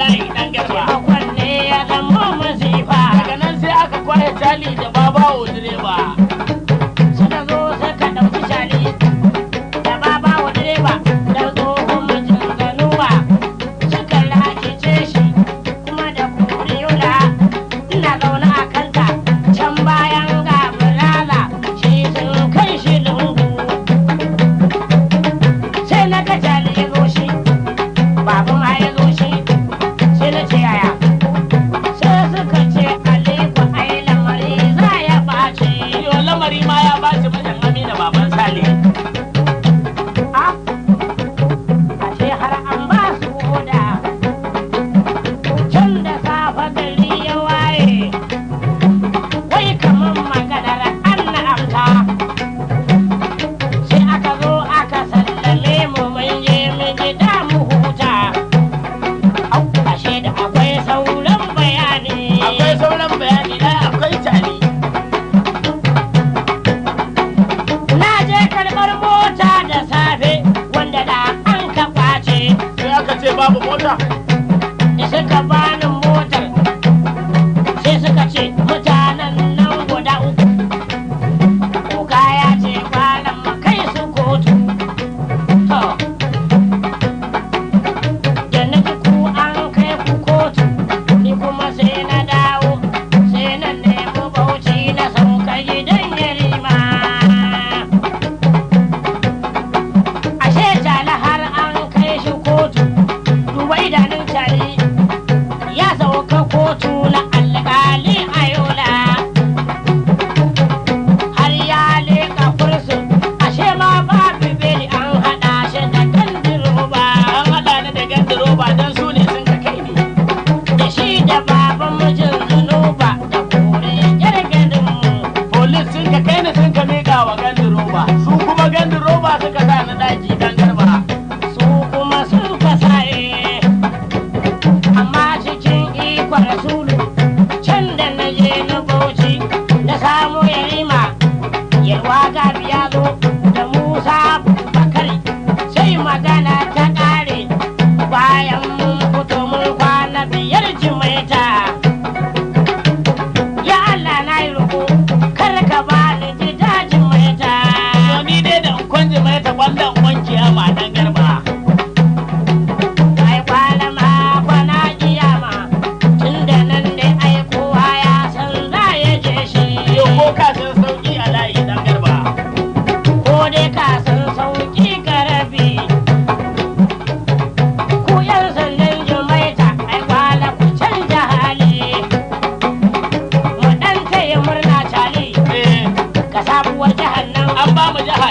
lai đang cái quả à. babu mota. Ishe ka ba fortuna mais um.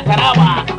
корова.